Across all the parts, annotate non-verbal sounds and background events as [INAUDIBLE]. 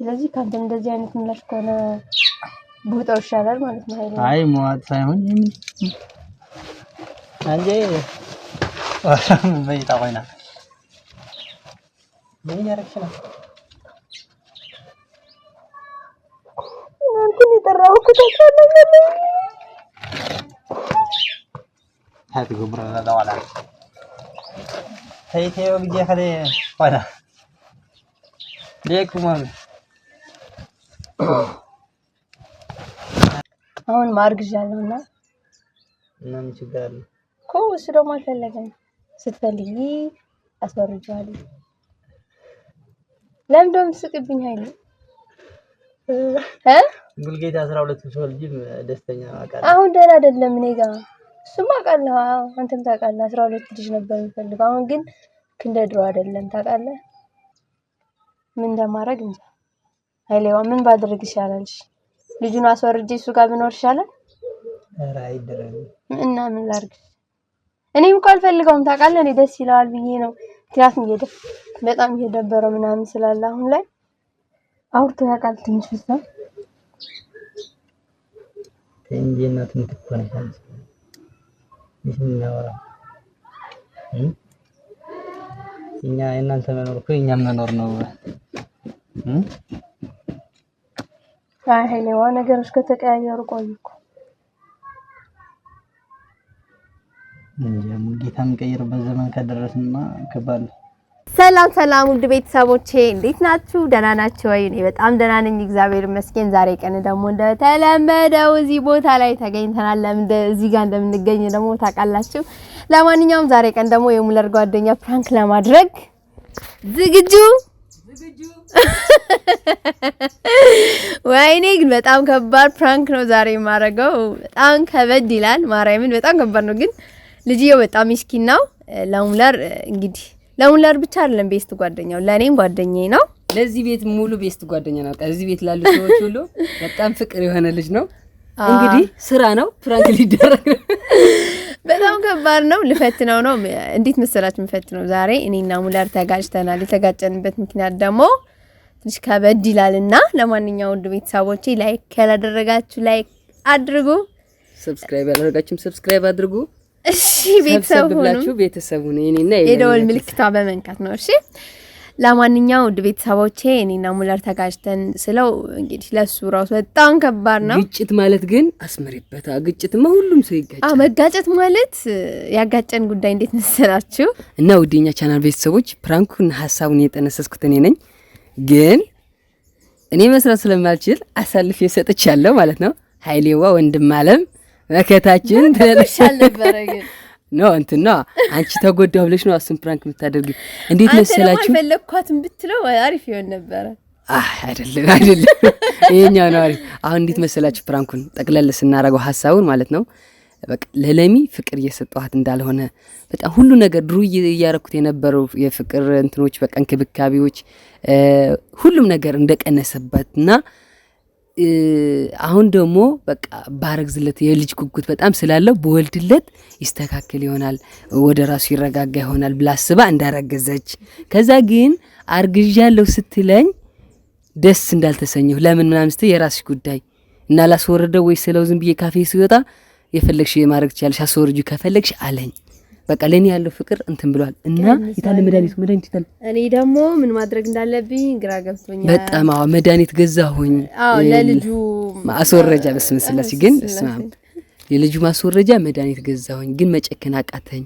ስለዚህ ከአንተ እንደዚህ አይነት ምላሽ ከሆነ ቦታው ይሻላል ማለት ነው። አይ መዋጥ ሳይሆን አንዴ ወራም በይታ ቆይና ምን ያረክሽ ነው እንትን ይጠራው ኩታቸው ነው هات قبر لا ولا ወግጄ بيجي خلي وانا አሁን ማርግዣ ያለው እና ምን ችግር አለ እኮ እሱ ደግሞ አልፈለገም። ስትፈልጊ አስወርጀዋለሁ። ለምን ደም ትስቅብኝ ኃይል እ አስራ ሁለት ልጅ ደስተኛ አውቃለሁ። አሁን ደህና አይደለም እኔ ጋ እሱም አውቃለሁ። አንተም ታውቃለህ። አስራ ሁለት ልጅ ነበር የምፈልገው። አሁን ግን ክንደ ድሮ አይደለም ታውቃለህ። ምን እንደማደርግ እንጂ ሀይሌዋ ምን ባድርግ ይሻላልሽ? ልጁን አስወርጄ እሱ ጋር ብኖር ይሻላል? ኧረ አይደረግም። እና ምን ላድርግ? እኔም እኮ አልፈልገውም ታውቃለህ። እኔ ደስ ይለዋል ብዬ ነው ምክንያቱም እየደ በጣም እየደበረው ምናምን ስላለ አሁን ላይ አውርቶ ያውቃል ትንሽ ብቻ እንጂ እናትም እኛ የእናንተ መኖር እኮ የእኛም መኖር ነው። ሀይሌዋ ነገሮች ከተቀያየሩ ቆዩ ጌታ የሚቀይርበት ዘመን ከደረስንማ ከባድ ሰላም ሰላም፣ ውድ ቤተሰቦቼ እንዴት ናችሁ? ደህና ናችሁ ወይ? እኔ በጣም ደህና ነኝ፣ እግዚአብሔር ይመስገን። ዛሬ ቀን ደግሞ እንደተለመደው እዚህ ቦታ ላይ ተገኝተናል። ለምን እዚህ ጋር እንደምንገኝ ደግሞ ታውቃላችሁ። ለማንኛውም ዛሬ ቀን ደግሞ የሙለር ጓደኛ ፕራንክ ለማድረግ ዝግጁ ወይኔ ግን በጣም ከባድ ፕራንክ ነው ዛሬ የማረገው። በጣም ከበድ ይላል። ማርያምን በጣም ከባድ ነው። ግን ልጅየው በጣም ምስኪን ነው። ለሙለር እንግዲህ ለሙለር ብቻ አይደለም ቤስት ጓደኛው፣ ለእኔም ጓደኛዬ ነው። ለዚህ ቤት ሙሉ ቤስት ጓደኛ ነው። እዚህ ቤት ላሉ ሰዎች ሁሉ በጣም ፍቅር የሆነ ልጅ ነው። እንግዲህ ስራ ነው፣ ፕራንክ ሊደረግ ነው። በጣም ከባድ ነው። ልፈትነው ነው። እንዴት መሰላችሁ? የምፈትነው ዛሬ እኔና ሙለር ተጋጭተናል። የተጋጨንበት ምክንያት ደግሞ ትንሽ ከበድ ይላል እና ለማንኛውም ውድ ቤተሰቦቼ ላይክ ያላደረጋችሁ ላይክ አድርጉ፣ ሰብስክራይብ ያላደረጋችሁም ሰብስክራይብ አድርጉ። እሺ ቤተሰብ ሁኑ፣ ቤተሰብ ሁኑ። እኔና የደወል ምልክቷ በመንካት ነው። እሺ ለማንኛው ውድ ቤተሰቦቼ እኔና ሙለር ተጋጭተን ስለው እንግዲህ ለሱ ራሱ በጣም ከባድ ነው። ግጭት ማለት ግን አስምሪበታ። ግጭትማ ሁሉም ሰው ይጋጫል። መጋጨት ማለት ያጋጨን ጉዳይ እንዴት መሰላችሁ? እና ውዴኛ ቻናል ቤተሰቦች ፕራንኩን ሀሳቡን የጠነሰስኩት እኔ ነኝ። ግን እኔ መስራት ስለማልችል አሳልፌ ሰጥቻለሁ ማለት ነው። ኃይሌዋ ወንድም አለም መከታችን [LAUGHS] ኖ እንትና አንቺ ተጎዳሁ ብለሽ ነው እሱን ፕራንክ የምታደርጊው። እንዴት መሰላችሁ ፈለግኳትን ብትለው አሪፍ ይሆን ነበረ። አይደለም አይደለም፣ ይሄኛው ነው አሪፍ። አሁን እንዴት መሰላችሁ ፕራንኩን ጠቅለል ስናደርገው ሀሳቡን ማለት ነው ለለሚ ፍቅር እየሰጠኋት እንዳልሆነ በጣም ሁሉ ነገር ድሩ እያረኩት የነበረው የፍቅር እንትኖች በቃ እንክብካቤዎች ሁሉም ነገር እንደቀነሰበት እና አሁን ደግሞ በቃ ባረግዝለት የልጅ ጉጉት በጣም ስላለው በወልድለት ይስተካከል ይሆናል ወደ ራሱ ይረጋጋ ይሆናል ብላ አስባ እንዳረገዘች ከዛ ግን አርግዣለሁ ስትለኝ ደስ እንዳልተሰኘሁ ለምን ምናምን የራስሽ ጉዳይ እና ላስወረደው ወይ ስለው ዝም ብዬ ካፌ ሲወጣ የፈለግሽ የማድረግ ትችያለሽ፣ አስወርጂው ከፈለግሽ አለኝ። በቃ ለእኔ ያለው ፍቅር እንትን ብሏል እና የታለ መድኃኒቱ? መድኃኒቱ ይታል። እኔ ደግሞ ምን ማድረግ እንዳለብኝ ግራ ገብቶኛል በጣም። አዎ መድኃኒት ገዛሁኝ። አዎ ለልጁ ማስወረጃ በስመ ስላሴ ግን ስማም የልጁ ማስወረጃ መድኃኒት ገዛሁኝ፣ ግን መጨከን አቃተኝ።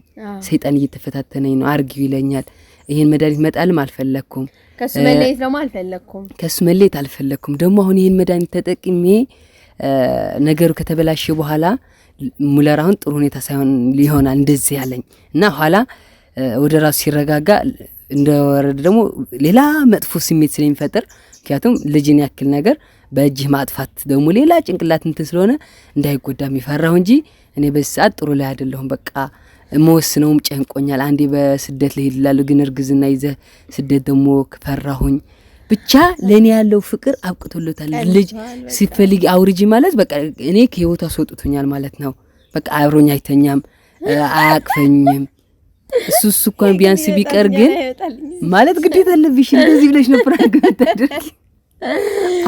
ሰይጣን እየተፈታተነኝ ነው፣ አርጊው ይለኛል። ይሄን መድኃኒት መጣልም አልፈለኩም፣ ከሱ መለየት ደግሞ አልፈለኩም፣ ከሱ መለየት አልፈለኩም። ደግሞ አሁን ይሄን መድኃኒት ተጠቅሜ ነገሩ ከተበላሸ በኋላ ሙለር አሁን ጥሩ ሁኔታ ሳይሆን ሊሆናል እንደዚህ ያለኝ እና ኋላ ወደ ራሱ ሲረጋጋ እንደወረደ ደግሞ ሌላ መጥፎ ስሜት ስለሚፈጥር ምክንያቱም ልጅን ያክል ነገር በእጅህ ማጥፋት ደግሞ ሌላ ጭንቅላት እንትን ስለሆነ እንዳይጎዳ የሚፈራው እንጂ እኔ በዚህ ሰዓት ጥሩ ላይ አይደለሁም። በቃ መወስነውም ጨንቆኛል። አንዴ በስደት ልሄድ እላለሁ፣ ግን እርግዝና ይዘህ ስደት ደግሞ ፈራሁኝ ብቻ ለእኔ ያለው ፍቅር አብቅቶለታል። ልጅ ሲፈልግ አውርጂ ማለት በቃ እኔ ከህይወቱ አስወጥቶኛል ማለት ነው። በቃ አብሮኝ አይተኛም፣ አያቅፈኝም። እሱ እሱ እንኳን ቢያንስ ቢቀር ግን ማለት ግዴታ አለብሽ። እንደዚህ ብለሽ ነበር ታደርጊ።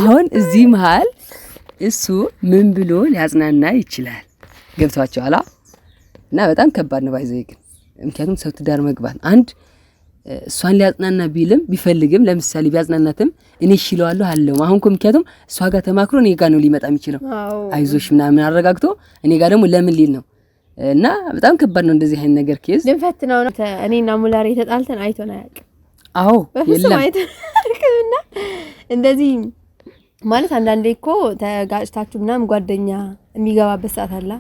አሁን እዚህ መሀል እሱ ምን ብሎ ሊያጽናና ይችላል? አላ እና በጣም ከባድ ነው ባይዘ ግን ምክንያቱም ሰው ትዳር መግባት አንድ እሷን ሊያጽናና ቢልም ቢፈልግም ለምሳሌ ቢያጽናናትም እኔ እሽለዋለሁ አለውም። አሁን እኮ ምክንያቱም እሷ ጋር ተማክሮ እኔ ጋር ነው ሊመጣ የሚችለው አይዞሽ ምናምን አረጋግቶ እኔ ጋር ደግሞ ለምን ሊል ነው። እና በጣም ከባድ ነው እንደዚህ አይነት ነገር ኬዝ ልንፈት ነው። እኔና ሙላሬ የተጣልተን አይቶን አያውቅም። አዎ የለም እንደዚህ ማለት አንዳንዴ እኮ ተጋጭታችሁ ምናምን ጓደኛ የሚገባበት ሰዓት አላ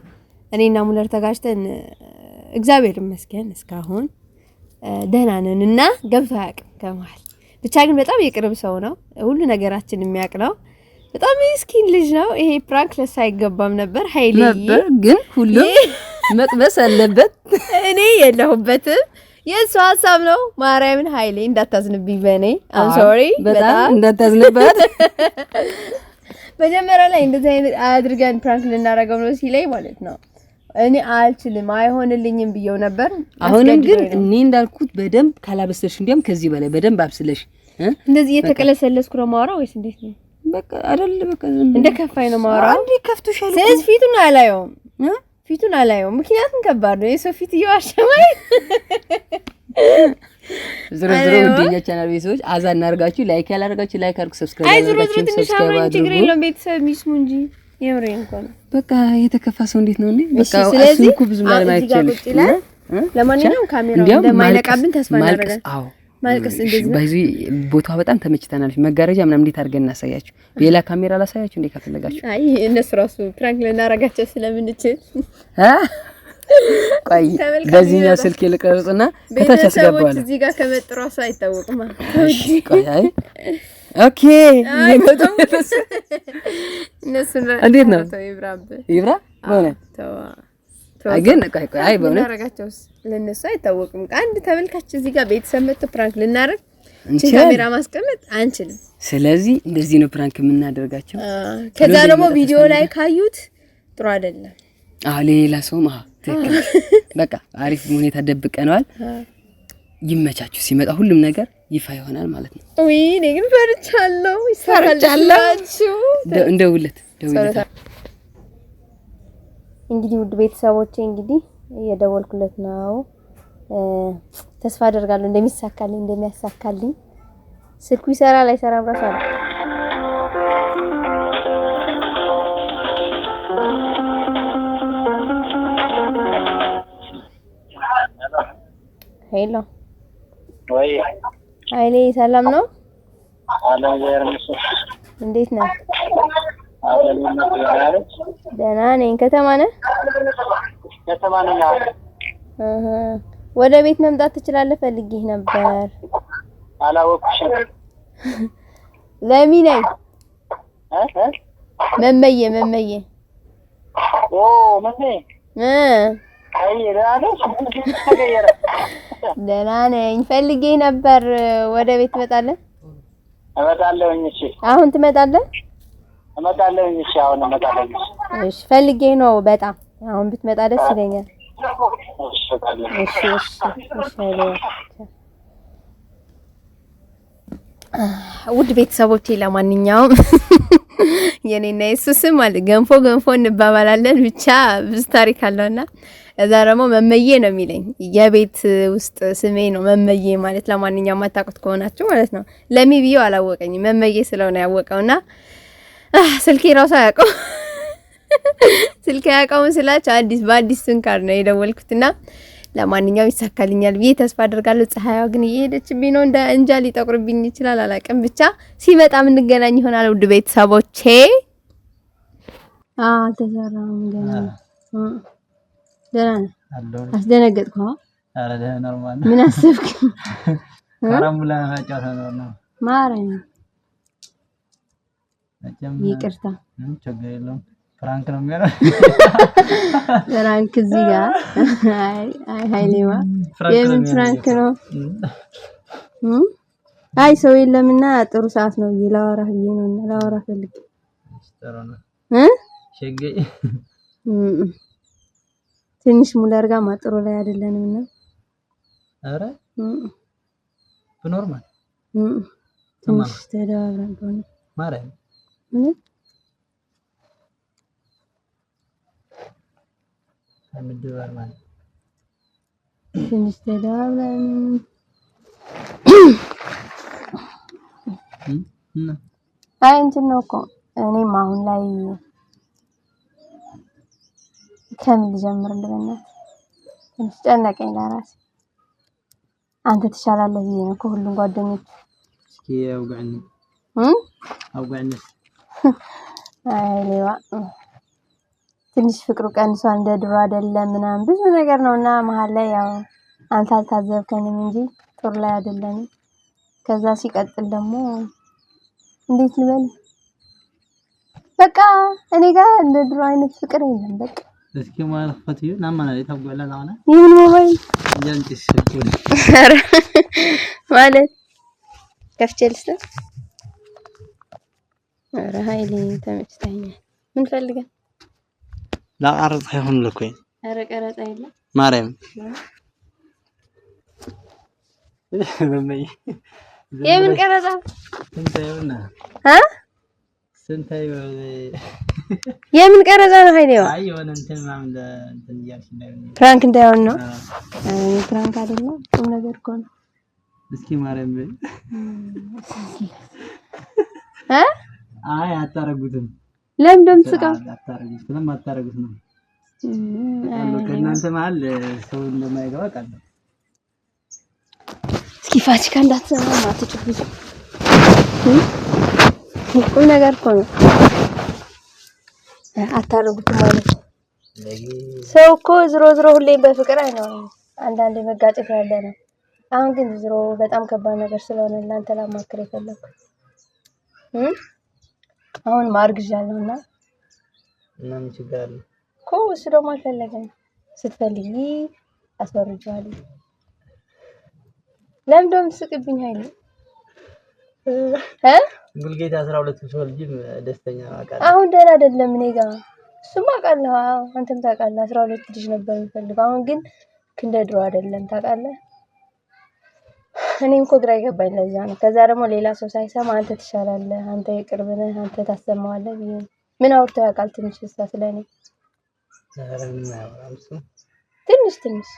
እኔና ሙለር ተጋጭተን እግዚአብሔር ይመስገን እስካሁን ደህና ነን እና ገብቶ አያውቅም ከመሀል ብቻ ግን በጣም የቅርብ ሰው ነው። ሁሉ ነገራችን የሚያውቅ ነው። በጣም ምስኪን ልጅ ነው። ይሄ ፕራንክ ለሱ አይገባም ነበር። ሀይል ነበር ግን ሁሉም መቅመስ አለበት። እኔ የለሁበትም። የእሱ ሀሳብ ነው። ማርያምን ሀይሌ እንዳታዝንብኝ፣ በእኔ አም ሶሪ በጣም እንዳታዝንበት። [LAUGHS] መጀመሪያ ላይ እንደዚህ አይነት አድርገን ፕራንክ ልናደርገው ነው ሲለኝ ማለት ነው እኔ አልችልም አይሆንልኝም ብየው ነበር። አሁንም ግን እኔ እንዳልኩት በደንብ ካላበሰልሽ፣ እንዲያውም ከዚህ በላይ በደንብ አብስለሽ እንደዚህ እየተቀለሰለስኩ ነው የማወራው ወይስ እንዴት ነው? በቃ አይደል፣ በቃ እንደ ከፋይ ነው የማወራው። አንዴ ከፍቶሻል። ስለዚህ ፊቱን አላየውም፣ ፊቱን አላየውም። ምክንያቱም ከባድ ነው የሰው ፊት እየዋሸማኝ ዝሮ ዝሮ ውድኛ ቻናል ቤተሰቦች አዛ እናርጋችሁ ላይክ ያላርጋችሁ ላይክ አርጉ፣ ሰብስክራይብ አድርጉ። አይ ዝሮ ዝሮ ትንሽ አሁን ችግር የለውም ቤተሰብ የሚስሙ እንጂ የምሬ በቃ የተከፋ ሰው እንዴት ነው እንዴ? በቃ እኮ ብዙ ማለት አይችልም። ለማንኛውም ካሜራው እንደማይነቃብን ተስፋ እናደርጋለን። አዎ ማልቀስ እንደዚህ በጣም ተመችተናለች። መጋረጃ ምናምን እንዴት አድርገን እናሳያችሁ? ሌላ ካሜራ ላሳያችሁ እንዴ ከፈለጋችሁ። አይ እነሱ ራሱ ፕራንክ ልናረጋቸው ስለምንችል ቆይ በዚህኛው ስልክ ልቀርጽና ከታች አስገባለሁ። እዚህ ጋር ከመጥራሱ አይታወቅም። ቆይ አይ ኦኬ እንዴት ነው? ይብራ በእውነት ግን አይ በእውነት ለእነሱ አይታወቅም። ከአንድ ተመልካች እዚህ ጋር ቤተሰብ መጥቶ ፕራንክ ልናደርግ ካሜራ ማስቀመጥ አንችልም። ስለዚህ እንደዚህ ነው ፕራንክ የምናደርጋቸው። ከዛ ደግሞ ቪዲዮ ላይ ካዩት ጥሩ አይደለም። አዎ ሌላ በቃ አሪፍ ሁኔታ ደብቀነዋል። ይመቻችሁ ሲመጣ ሁሉም ነገር ይፋ ይሆናል ማለት ነው። ወይ እኔ ግን ፈርቻለሁ። ይሰራልቻላችሁ እንደውለት ደውለት። እንግዲህ ውድ ቤተሰቦቼ እንግዲህ የደወልኩለት ነው። ተስፋ አደርጋለሁ እንደሚሳካልኝ እንደሚያሳካልኝ። ስልኩ ይሰራል አይሰራም ራሱ አለ ሄሎ ወይ ኃይሌ ሰላም ነው? እንዴት ነህ? ደህና ነኝ። ከተማ ነህ? ከተማ ነኝ። ወደ ቤት መምጣት ትችላለህ? ፈልጌህ ነበር። አላወቅሽም። [LAUGHS] ለሚ ነኝ። መመየ መመየ ኦ መመዬ እ አይ [LAUGHS] ደህና ነኝ። ፈልጌ ነበር። ወደ ቤት ትመጣለህ? እመጣለሁኝ። እሺ፣ አሁን ትመጣለህ? እመጣለሁኝ። እሺ፣ አሁን እመጣለሁኝ። እሺ፣ ፈልጌ ነው በጣም አሁን ብትመጣ ደስ ይለኛል። እሺ፣ እሺ፣ እሺ። ውድ ቤተሰቦቼ ለማንኛውም የኔና ስም ማለት ገንፎ ገንፎ እንባባላለን። ብቻ ብዙ ታሪክ አለውና እዛ ደግሞ መመዬ ነው የሚለኝ። የቤት ውስጥ ስሜ ነው መመዬ ማለት ለማንኛውም አታውቁት ከሆናችሁ ማለት ነው። ለሚ ብዬው አላወቀኝ መመዬ ስለሆነ ያወቀውና ስልኬ ራሱ አያውቀው [LAUGHS] ስልኬ አያውቀውም ስላችሁ አዲስ በአዲስ ስንካር ነው የደወልኩትና ለማንኛውም ይሳካልኛል ብዬ ተስፋ አድርጋለሁ። ፀሐይዋ ግን እየሄደችብኝ ነው፣ እንደ እንጃ ሊጠቁርብኝ ይችላል አላውቅም። ብቻ ሲመጣ እንገናኝ ይሆናል። ውድ ቤተሰቦቼ አልተሰራም ገና ደህና ነህ? ምን አሰብክ? [LAUGHS] ይቅርታ፣ ፍራንክ ነው የሚሆነው። ፍራንክ [LAUGHS] እዚህ የምን ፍራንክ ነው? [LAUGHS] አይ ሰው የለምና ጥሩ ሰዓት ነው ብዬ ላወራህ ብዬ ነው እ ሸገይ ትንሽ ሙለር ጋር ማጥሮ ላይ አይደለንም እና አረ በኖርማል ትንሽ ተደባብረን በሆነ ማርያም ምድበር ማለት ትንሽ ተደባብረን አይ እንትን ነው እኮ እኔም አሁን ላይ ከምን ልጀምር እንደበናት ትንሽ ጨነቀኝ ለራሴ። አንተ ትሻላለህ ብዬ ነው ከሁሉም ጓደኞች። እስኪ አውጋኝ እም አውጋኝ። [LAUGHS] አይ ሌባ ትንሽ ፍቅሩ ቀንሷል፣ እንደ ድሮ አይደለም ምናምን ብዙ ነገር ነውና መሀል ላይ ያው አንተ አልታዘብከንም እንጂ ጥሩ ላይ አይደለም። ከዛ ሲቀጥል ደግሞ እንዴት ልበል፣ በቃ እኔ ጋር እንደ ድሮ አይነት ፍቅር የለም በቃ እስኪ ማለት ፈትዩ ማለት ከፍቼልስ ኧረ ኃይሌ ተመችቶኛል። ምን ፈልገን ላቀረጽ አይሆን ልኩኝ ኧረ ቀረጻ የለም ማርያም የምን ቀረጻ ስንታዩ የምን ቀረጻ ነው ኃይሌው? ፕራንክ እንዳይሆን ነው። ፕራንክ አይደለም፣ ቁም ነገር እኮ ነው። እስኪ ማርያም በይ። አይ አታረጉትም። ለምን እንደምትስቀው አታረጉት ነው። ከእናንተ መሀል ሰው እንደማይገባ ቃለሁ። እስኪ ፋሲካ እንዳትሰማ፣ አትጩፍ። ቁም ነገር እኮ ነው። አታረጉትም ማለት ነው። ሰው እኮ ዝሮ ዝሮ ሁሌም በፍቅር አይኖርም። አንዳንድ መጋጨት ያለ ነው። አሁን ግን ዝሮ በጣም ከባድ ነገር ስለሆነ እናንተ ላማክር የፈለኩ አሁን ማርግዣለሁ እና ምናምን ችግር አለ እኮ እሱ ደግሞ አልፈለገም። ስትፈልጊ አስወርጃለሁ። ለምን ደም ስቅብኝ እ ሙልጌታ አስራ ሁለት ሰው ደስተኛ አቃለ አሁን ደህና አይደለም። እኔ ጋር እሱም አውቃለሁ። አንተም ታውቃለህ። አስራ ሁለት ልጅ ነበር የምፈልገው። አሁን ግን እንደ ድሮ አይደለም ታውቃለህ። እኔም እኮ ግራ ይገባኝ ለዛ ነው። ከዛ ደግሞ ሌላ ሰው ሳይሰማ አንተ ትሻላለህ፣ አንተ የቅርብ ነህ፣ አንተ ታሰማዋለህ። ምን አውርቶ ያውቃል? ትንሽ እሷ ስለ እኔ ትንሽ ትንሽ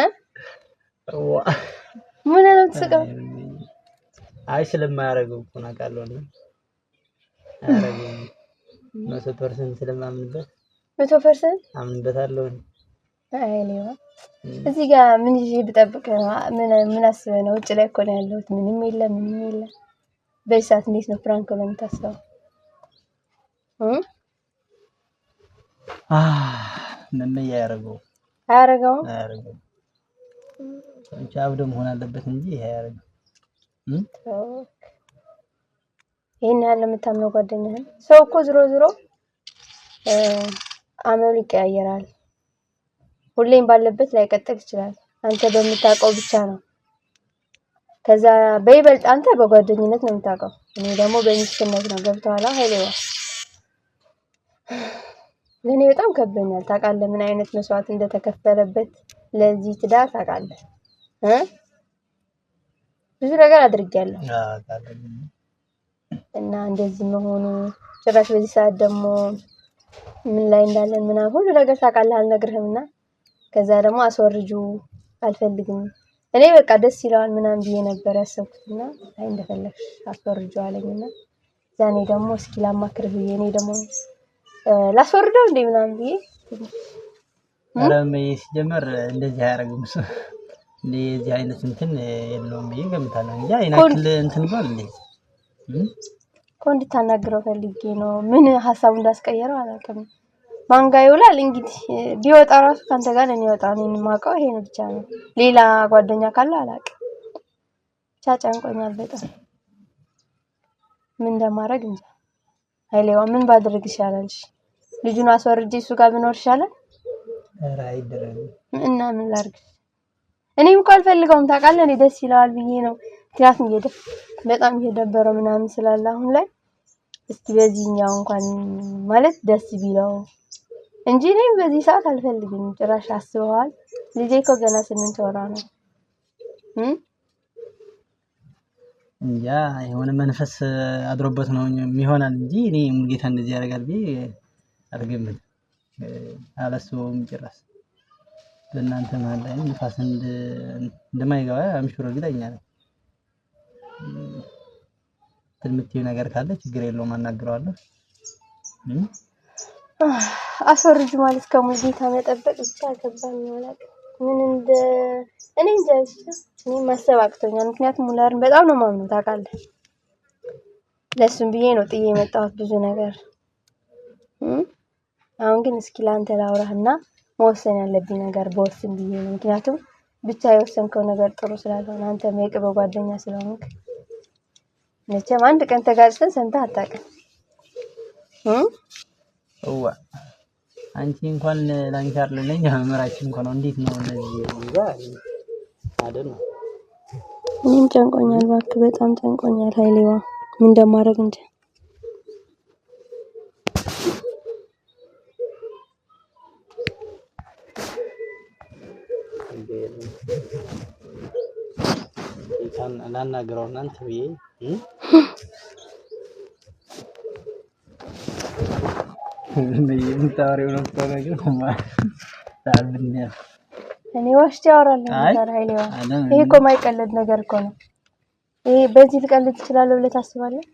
[LAUGHS] ምን ነው ትስቃለህ? አይ ስለማያደርገው እኮ አውቃለሁ። እና አያደርገውም መቶ ፐርሰንት ስለማምንበት መቶ ፐርሰንት አምንበታለሁ። እዚህ ጋር ምን ይዤ ብጠብቅ ምን አስበህ ነው? ውጭ ላይ እኮ ነው ያለሁት። ምንም የለ ምንም የለ። በዚህ ሰዓት እንዴት ነው ፕራንክ ብለህ የምታስበው? መመያ አያደርገውም አያደርገውም። ብቻ አብዶ መሆን አለበት እንጂ ይሄ አያደርገውም ይህን ያህል የምታምነው ጓደኛህን ሰው እኮ ዝሮ ዝሮ አመሉ ይቀያየራል። ሁሌም ባለበት ላይቀጥል ይችላል። አንተ በምታውቀው ብቻ ነው። ከዛ በይበልጥ አንተ በጓደኝነት ነው የምታውቀው፣ እኔ ደግሞ በሚስትነት ነው። ገብተኋላ ሀይሌዋ ለእኔ በጣም ከብዶኛል። ታውቃለህ ምን አይነት መስዋዕት እንደተከፈለበት ለዚህ ትዳር ታውቃለህ። ብዙ ነገር አድርጌያለሁ እና እንደዚህ መሆኑ ጭራሽ በዚህ ሰዓት ደግሞ ምን ላይ እንዳለን ምናምን ሁሉ ነገር ታውቃለህ፣ አልነግርህም እና ከዛ ደግሞ አስወርጁ አልፈልግም እኔ በቃ ደስ ይለዋል ምናምን ብዬ ነበር ያሰብኩትና አይ እንደፈለግሽ አስወርጁ እዛ እኔ ደግሞ እስኪ ላማክር ብዬ እኔ ደግሞ ላስወርደው እንዴ ምናምን ብዬ ሲጀመር እንደዚህ አያደርግም። እንደዚህ አይነት እንትን የለውም ብዬ ገምታለሁ እንጂ አይናክል እንትን ባል እኮ እንድታናግረው ፈልጌ ነው። ምን ሀሳቡ እንዳስቀየረው አላውቅም። ማንጋ ይውላል እንግዲህ ቢወጣ ራሱ ከአንተ ጋር ነው የሚወጣው። እኔ የማውቀው ይሄን ብቻ ነው። ሌላ ጓደኛ ካለ አላውቅም። ብቻ ጨንቆኛል በጣም ምን እንደማደርግ እንጃ። ኃይሌዋ ምን ባደርግ ይሻላል? ልጁን አስወርጄ እሱ ጋር ብኖር ይሻላል እና ምን ላድርግ? እኔም እኮ አልፈልገውም ታውቃለህ። እኔ ደስ ይለዋል ብዬ ነው። ምክንያቱም እየደ በጣም እየደበረው ምናምን ስላለ አሁን ላይ እስቲ በዚህኛው እንኳን ማለት ደስ ቢለው እንጂ እኔም በዚህ ሰዓት አልፈልግም። ጭራሽ አስበዋል። ልጄ እኮ ገና ስምንት ወራ ነው። ያ የሆነ መንፈስ አድሮበት ነው የሚሆናል እንጂ እኔ ሙልጌታ እንደዚህ ያደርጋል ብዬ አልገምትም። አላስበውም ጭራሽ በእናንተ መሀል ላይ ንፋስ እንደማይገባ አምሹር እርግጠኛ ነኝ። ትልምትዩ ነገር ካለ ችግር የለውም አናግረዋለሁ። አስወርጅ ማለት ከሙዚቃ መጠበቅ ብቻ ገባኝ ይሆናል። ምን እንደ እኔ እንጃ እኔ ማሰብ አቅቶኛል። ምክንያቱም ሙላርን በጣም ነው ማምኑ ታውቃለህ። ለእሱም ብዬ ነው ጥዬ የመጣሁት ብዙ ነገር። አሁን ግን እስኪ ለአንተ ላውራህና መወሰን ያለብኝ ነገር በወስን ብዬ ነው። ምክንያቱም ብቻ የወሰንከው ነገር ጥሩ ስላልሆነ አንተም የቅርብ ጓደኛ ስለሆንክ መቼም አንድ ቀን ተጋጭተን ሰምተህ አታውቅም። እዋ አንቺ እንኳን ላንቺ አይደለኝ መምህራችን እንኳን እንዴት ነው እንደዚህ አይደል? እኔም ጨንቆኛል፣ እባክህ በጣም ጨንቆኛል ሀይሌዋ ምን እንደማድረግ እንጂ ላናግረው እናንተ ብዬ የምታወሪው ነው የምታወሪው ነው። እኔ ዋሽቼ አወራለሁ። ይሄ እኮ የማይቀለድ ነገር እኮ ነው። ይሄ በዚህ ልቀልድ እችላለሁ ብለህ ታስባለህ?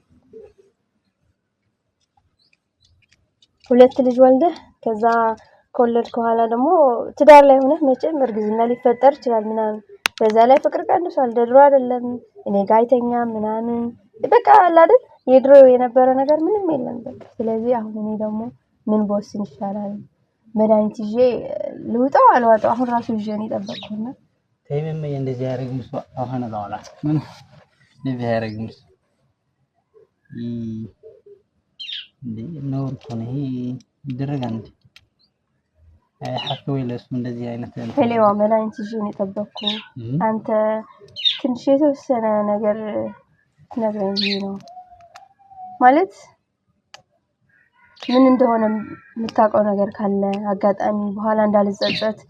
ሁለት ልጅ ወልደህ ከዛ ከወለድክ በኋላ ደግሞ ትዳር ላይ ሆነህ መቼም እርግዝና ሊፈጠር ይችላል ምናምን በዛ ላይ ፍቅር ቀንሷል። ድሮ አይደለም እኔ ጋ አይተኛ ምናምን በቃ አለ የድሮ የነበረ ነገር ምንም የለም። በቃ ስለዚህ አሁን እኔ ደግሞ ምን በወስን ይሻላል? መድኃኒት ይዤ ልውጠው አልዋጣው? አሁን ራሱ ይዤ ነው የጠበቅኩና ተይመመ እንደዚህ ያደረግም እሱ አሁን ለዋላት ምን እንደዚህ ያደረግም እሱ እንዴ ነው ይሄ ይደረጋል እንዴ ሐፊ ወይ ለእሱ እንደዚህ አይነት ቴሌዋ መላይንት ይዤ የጠበቅኩ። አንተ ትንሽ የተወሰነ ነገር ትነግረኝ ነው ማለት ምን እንደሆነ የምታውቀው ነገር ካለ አጋጣሚ በኋላ እንዳልጸጸት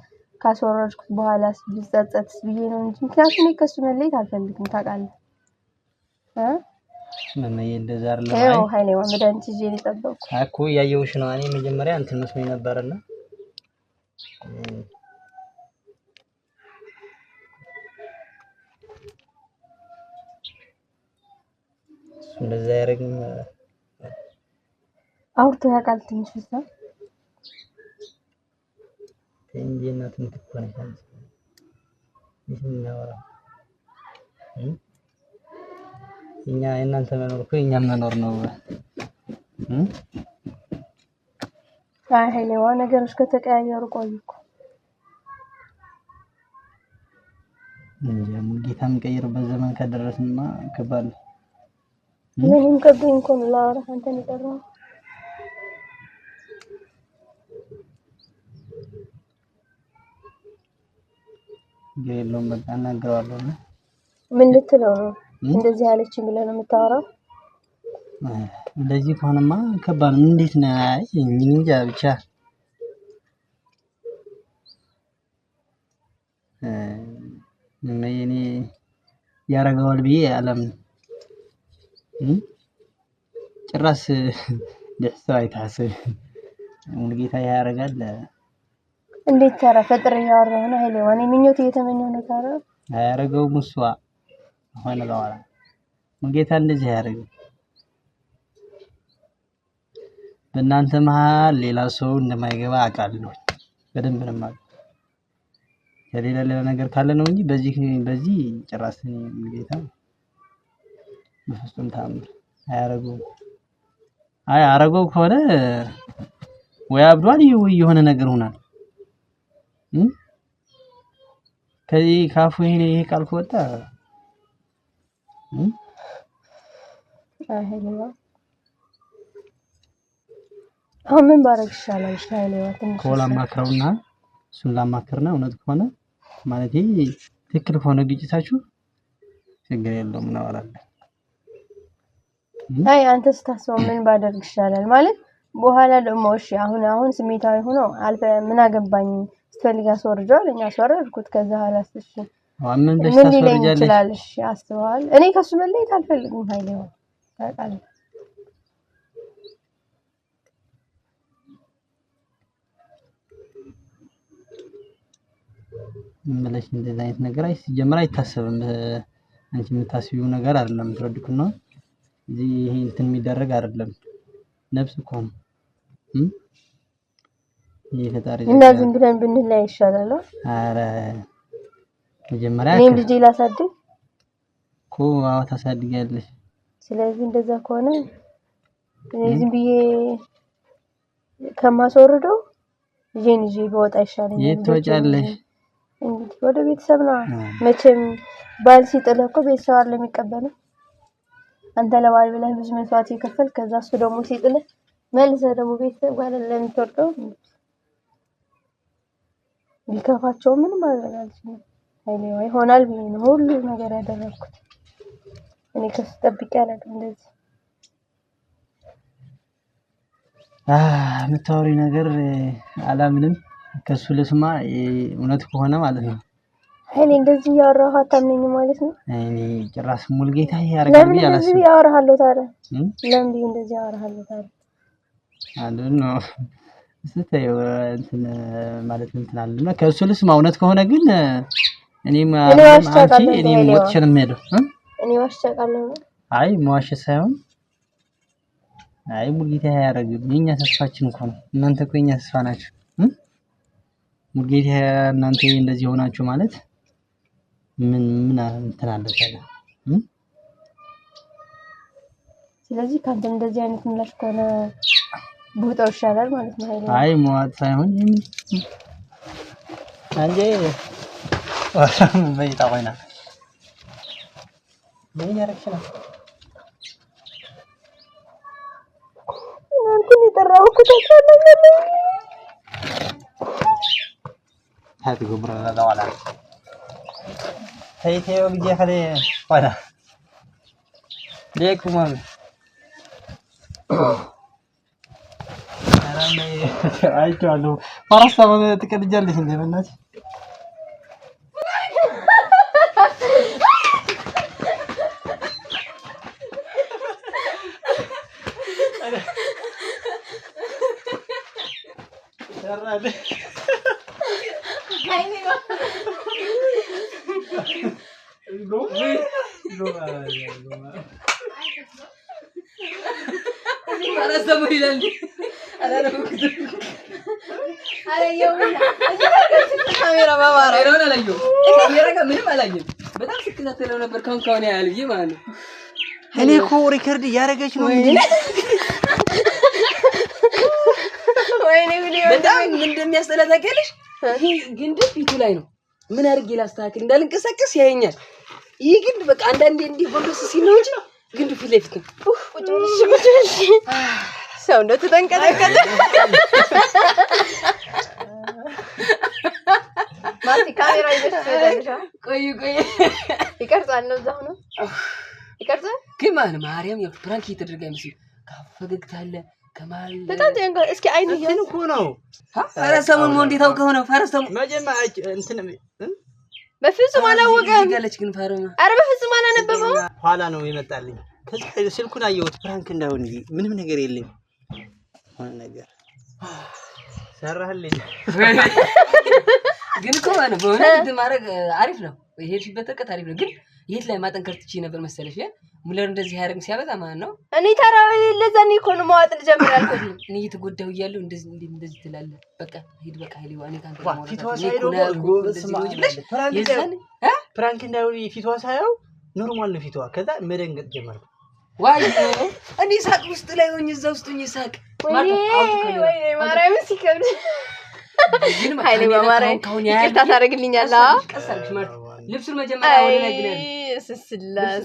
ካስወረድኩት በኋላ ብጸጸት ብዬ ነው እንጂ ምክንያቱም ከሱ መለየት አልፈልግም። ታውቃለህ መመዬ እንደዛ አይደለም። ኃይሌዋ መድኃኒት ይዤ ነው የጠበቅኩ እኮ እያየሁሽ ነው። እኔ መጀመሪያ እንትን መስሎኝ ነበርና እንደዛ ያደረግም አውርቶ ያውቃል። ትንሽ እዛ እንጂ እናት ምትኮነ ይህናወራ እኛ የእናንተ መኖር እኮ የእኛም መኖር ነው። አይ ሄኔዋ ነገሮች ከተቀያየሩ ቆዩ እኮ ጌታ የሚቀይርበት ዘመን ከደረስና ከባል ምንም ከብኝ እኮ ነው አንተ አንተን የጠራኸው የለውም በቃ እናግረዋለሁ። ምን ልትለው ነው? እንደዚህ ያለችን ብለህ ነው የምታወራው? እንደዚህ ከሆነማ ከባድ ነው። እንዴት ነው? አይ እንጃ ብቻ እኔ ያደርገዋል ብዬ አላምንም። ጭራስ ደስ አይታሰብ ሙሉጌታ ያደርጋል። እንዴት ታራ ፈጥር እያወራሁ ነው። ሄሎ ወኔ ምኞት እየተመኘሁ ነው። ታራ አያደርገውም ሙስዋ ሆነ በኋላ ሙሉጌታ እንደዚህ አያደርግም። በእናንተ መሀል ሌላ ሰው እንደማይገባ አውቃለሁ። በደንብ ነው ማለት ከሌላ ሌላ ነገር ካለ ነው እንጂ በዚህ በዚህ ጭራሽ ጌታ በፍጹም ታምር አያረገውም። አይ አረገው ከሆነ ወይ አብዷል ወይ የሆነ ነገር ሆናል። ከዚህ ካፉ ይሄ ይሄ ቃል ከወጣ አሁን ምን ባረግ ይሻላል? ላማክረውና እሱን ላማክርና እውነት ከሆነ ማለት ትክክል ከሆነ ግጭታችሁ ችግር የለውም እናወራለን። አይ አንተ ስታስበው ምን ባደርግ ይሻላል ማለት በኋላ ደግሞ እሺ፣ አሁን አሁን ስሜታዊ ሆኖ አልፈ ምን አገባኝ ስትፈልግ አስወርደዋል። እኛ አስወረድኩት። ከዛ ኋላስ እሺ ምን ሊለኝ ይችላል? እሺ አስበዋል። እኔ ከሱ መለየት አልፈልግም። ኃይሌ ታውቃለህ ምለሽ እንደዚህ አይነት ነገር አይ ሲጀምር አይታሰብም። አንቺ የምታስቢው ነገር አይደለም። ነው እዚህ ይሄ እንትን የሚደረግ አይደለም። ነፍስ እኮ ነው። ይሄ ፈጣሪ እና ዝም ብለን ብንለያ ይሻላል። አረ መጀመሪያ እኔም ልጄ ላሳድግ እኮ አዎ፣ ታሳድጊያለሽ። ስለዚህ እንደዛ ከሆነ እኔ ዝም ብዬ ከማስወርደው ልጄን ይዤ በወጣ ይሻለኛል። የት ትወጫለሽ? እንግዲህ ወደ ቤተሰብ ነው መቼም ባል ሲጥልህ እኮ ቤተሰብ አለ የሚቀበልህ። አንተ ለባል ብለህ ብዙ መስዋዕት ይከፈል፣ ከዛ እሱ ደግሞ ሲጥልህ መልሰህ ደግሞ ቤተሰብ ጋር ለምትወርቀው ቢከፋቸው ምን ማድረግ አልችልም። አይኔ ይሆናል ብዬ ነው ሁሉ ነገር ያደረኩት። እኔ ከሱ ጠብቄ አላውቅም እንደዚህ የምታወሪ ነገር አላምንም። ከሱ ልስማ እውነት ከሆነ ማለት ነው። እኔ እንደዚህ እያወራሁ አታምነኝም ማለት ነው። እኔ ጭራሽ ሙልጌታ ያረጋል ለምን እንደዚህ ያወራሃለሁ ታዲያ? ለምን እንደዚህ ያወራሃለሁ ታዲያ? አንዱ ነው ስትየው እንትን ማለት እንትን አለ ከእሱ ልስማ እውነት ከሆነ ግን እኔም አንቺ እኔም ወጥቼ ነው የምሄደው። እኔ ዋሽቻለሁ። አይ መዋሸት ሳይሆን አይ ሙልጌታ ያረጋል የኛ ተስፋችን እኮ ነው። እናንተ እኮ የኛ ተስፋ ናችሁ። ሙልጌታ እናንተ እንደዚህ ሆናችሁ ማለት ምን ምን እንትን አለ ስለዚህ ካንተ እንደዚህ አይነት ምላሽ ከሆነ ቡጣው ይሻላል ማለት ነው። ኃይሌ አይ መዋጥ ሳይሆን አንዴ ወራም በይታ ቆይና ምን እያደረግሽ ነው? እናንተን የጠራሁት هاتي قبر دوالة هيتي وبيجي خلي وانا ليك مال أنا ما أيش علو فرصة ما تكلم جلش عندي منك ስትለው ነበር ካንካውን ካሁን ያህል ብዬ ማለት ነው። እኔ እኮ ሪከርድ እያደረገች ነው እንዴ! ወይኔ በጣም ምን እንደሚያስጠላ ታውቂያለሽ። ግንድ ፊቱ ላይ ነው። ምን አድርጌ ላስተካክል እንዳልንቀሳቀስ ያየኛል። ይህ ግንድ በቃ አንዳንዴ እንዲህ ጎንበስ ሲል ነው እንጂ ነው ግንዱ ፊት ለፊት ነው። ሰው እንደው ተጠንቀጠቀጠ ማቲ ካሜራ ይዘሽ ትሄዳለሽ። ቆይ ቆይ ይቀርጻል ነው፣ እዛው ነው ይቀርጻል። ግን ማን ማርያም ፕራንክ እየተደረገ አይመስልም። ፈገግታ አለ ከማል በጣም ደንጋ። እስኪ አይኑ ይሄን እኮ ነው። ፈረሰሙን ሰሞኑን ወንድ የታወቀው ነው። ፈረሰሙ መጀመሪያ እንትን በፍጹም አላወቀም ይገለች። ግን ፈረማ ኧረ በፍጹም አላነበበው። ኋላ ነው የመጣልኝ። ከዚህ ስልኩን አየሁት። ፕራንክ እንዳይሆን ምንም ነገር የለኝ ሆነ ነገር ሰራህልኝ [LAUGHS] ግን እኮ ነው በሆነ ማድረግ አሪፍ ነው። የሄድሽበት ርቀት አሪፍ ነው። ግን የት ላይ ማጠንከር ትችይ ነበር መሰለሽ? ሙለር እንደዚህ ያደርግ ሲያበዛ ማለት ነው። እኔ ተራ ለዛ እኔ እኮ ነው መዋጥ ልጀምር ያልኩት። [LAUGHS] እኔ እየተጎዳሁ እያለሁ እንደዚህ እንደዚህ ትላለህ። በቃ ሂድ፣ በቃ ሄድ። እኔ ካንተ ፕራንክ እንዳይሆን ፊቷ ሳየው ኖርማል ነው ፊቷ። ከዛ መደንገጥ ጀመርኩ። ዋይ እኔ ሳቅ ውስጥ ላይ ሆኜ እዛ ውስጥ ሆኜ ሳቅ ማርያምን ሲከብድ ኃይሌ በማርያም ይቅርታ ታደርግልኛለህ? ልብሱን መጀመሪያ ወደ ላይ ግለል። ስስላስ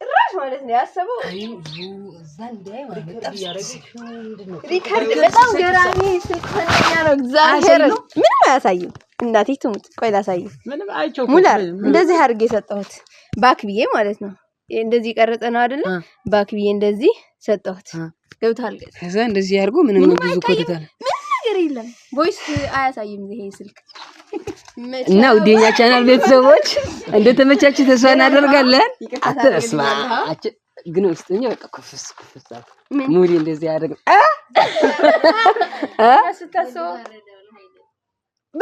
ጭራሽ ማለት ነው ያሰበው። ሪከርድ በጣም ገራሚ ስልክ ነው። እግዚአብሔር ምንም አያሳይም። እናቴ ትሙት፣ ቆይ ላሳይ። ሙላር እንደዚህ አድርጌ የሰጠሁት ባክ ብዬ ማለት ነው። እንደዚህ ቀረጸ ነው አይደለ? ባክ ብዬ እንደዚህ ሰጠሁት። ገብቷል። ከዛ እንደዚህ አድርጎ ምንም ብዙ ምንም ነገር የለም። ቮይስ አያሳይም ይሄ ስልክ እና ውድ የኛ ቻናል ቤተሰቦች እንደተመቻችሁ ተስፋ እናደርጋለን። አትስማ ግን ውስጥኛ በቃ ኩፍስ ኩፍስ ሙሪ እንደዚህ ያደርግ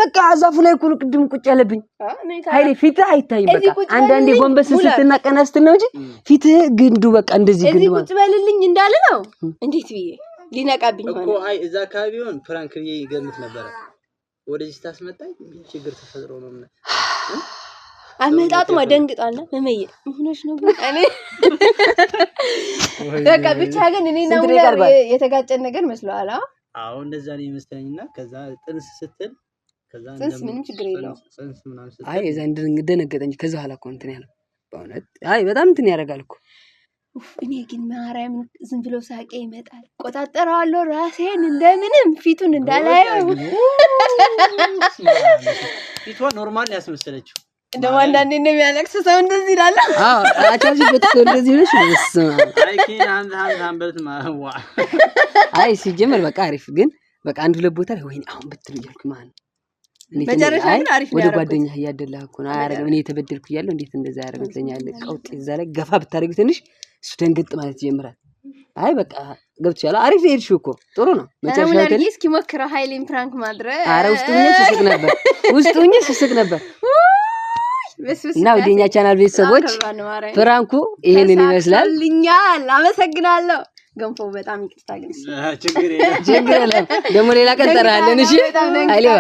በቃ አዛፉ ላይ እኮ ቅድም ቁጭ ያለብኝ። ሀይሌ ፊትህ አይታይም። በቃ አንዳንዴ ጎንበስ ስትና ቀና ስትል ነው እንጂ ፊትህ ግንዱ በቃ እንደዚህ ግንዱ እዚህ ቁጭ በልልኝ እንዳለ ነው። እንዴት ብዬ ሊነቃብኝ ሆነ እኮ አይ እዛ አካባቢ ሆን ፍራንክ ብዬ ይገምት ነበረ ወደዚህ ታስመጣኝ ችግር ተፈጥሮ ነው ምን [SIGHS] አመጣጥማ ደንግጣለ መመየ ምንሽ ነው ግን እኔ በቃ ብቻ ግን እኔና ሙላ የተጋጨን ነገር መስሏል። አዎ እንደዛ ነው ይመስለኝና ከዛ ጥንስ ስትል ጽንስ ምንም ችግር የለው። አይ የዛን ደነገጠኝ። ከዛ ኋላ እኮ እንትን ያለው በእውነት አይ በጣም እንትን ያደርጋል እኮ እኔ ግን ማርያም ዝም ብሎ ሳቄ ይመጣል። ቆጣጠረዋለሁ ራሴን እንደምንም ፊቱን እንዳላየው። ፊቷ ኖርማል ያስመሰለችው እንደው አንዳንዴ እንደሚያለቅስ ሰው እንደዚህ ይላል። አይ ሲጀመር በቃ አሪፍ ግን በቃ አንድ ሁለት ቦታ ላይ ወይኔ አሁን ብትል እያልኩ ማለት መጨረሻ ግን አሪፍ ወደ ጓደኛ እያደላ እኮ ነው። አያረግም እኔ የተበደልኩ እያለሁ እንዴት እንደዛ ያደረገትለኛለ ቀውጥ እዛ ላይ ገፋ ብታደርጊ ትንሽ እሱ ደንግጥ ማለት ይጀምራል። አይ በቃ ገብቶሻል፣ አሪፍ ሄድሽ እኮ ጥሩ ነው። መጨረሻ ግን እስኪሞክረው ሀይሌን ፕራንክ ማድረግ። አረ ውስጥ ሁኜ ስስቅ ነበር፣ ውስጥ ሁኜ ስስቅ ነበር። እና ወደኛ ቻናል ቤተሰቦች ፕራንኩ ይሄንን ይመስላል። ልኛል አመሰግናለሁ። ገንፎ በጣም ይቅርታ፣ ግን [LAUGHS] ችግር የለም ደግሞ ሌላ ቀን እንጠራሃለን። እሺ አይሌዋ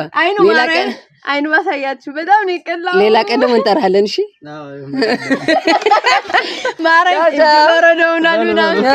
ሌላ ቀን አይኑ ማሳያችሁ በጣም ነው የቀላው። ሌላ ቀን ደግሞ እንጠራለን እሺ ማረኝ ምናምን